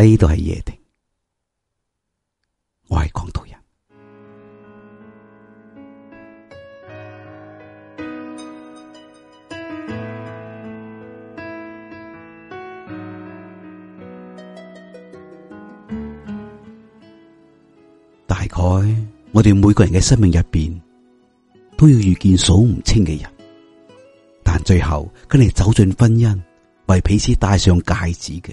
呢度係夜定，我係廣東人。大概我哋每個人嘅生命入邊，都要遇見數唔清嘅人，但最後跟你走進婚姻，為彼此戴上戒指嘅。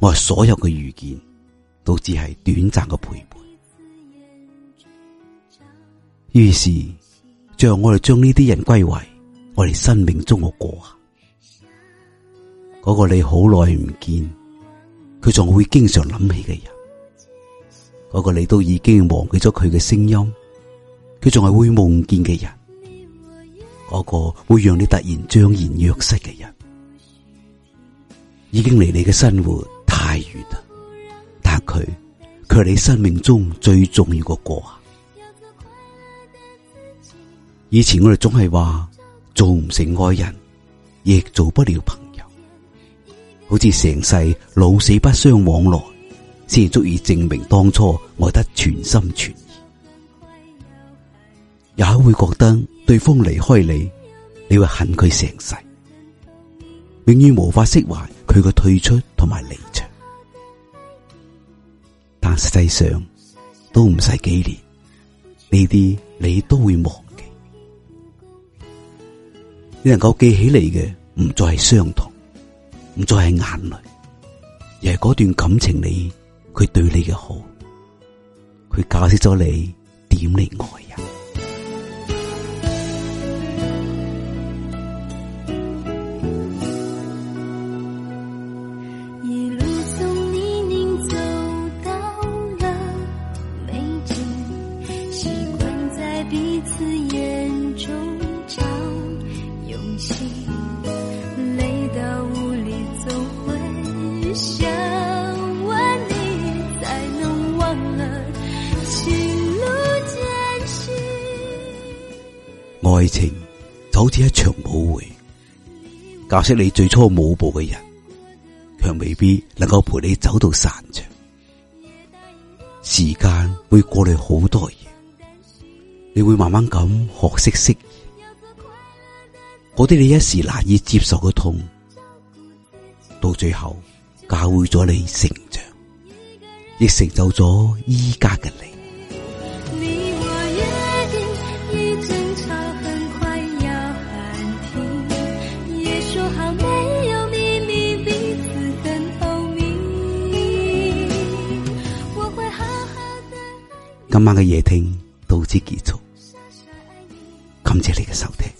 我哋所有嘅遇見都只係短暫嘅陪伴，於是將我哋將呢啲人歸為我哋生命中嘅過客。嗰、那個你好耐唔見，佢仲會經常諗起嘅人；嗰、那個你都已經忘記咗佢嘅聲音，佢仲係會夢見嘅人；嗰、那個會讓你突然悵然若失嘅人，已經嚟你嘅生活，太遠，但佢佢係你生命中最重要個過客。以前我哋總係話做唔成愛人，亦做不了朋友，好似成世老死不相往來，先至足以證明當初愛得全心全意。也會覺得對方離開你，你會恨佢成世，永遠無法釋懷佢嘅退出同埋離場。實際上都唔使幾年，呢啲你都會忘記。你能夠記起嚟嘅，唔再係傷痛，唔再係眼淚，而係嗰段感情裏，佢對你嘅好，佢教識咗你點嚟愛人。愛情就好似一場舞會，教識你最初舞步嘅人，卻未必能夠陪你走到散場。時間會過嚟好多嘢，你會慢慢咁學識識。嗰啲你一時難以接受嘅痛，到最後教會咗你成長，亦成就咗依家嘅你。今晚嘅夜聽到此結束，感謝你嘅收聽。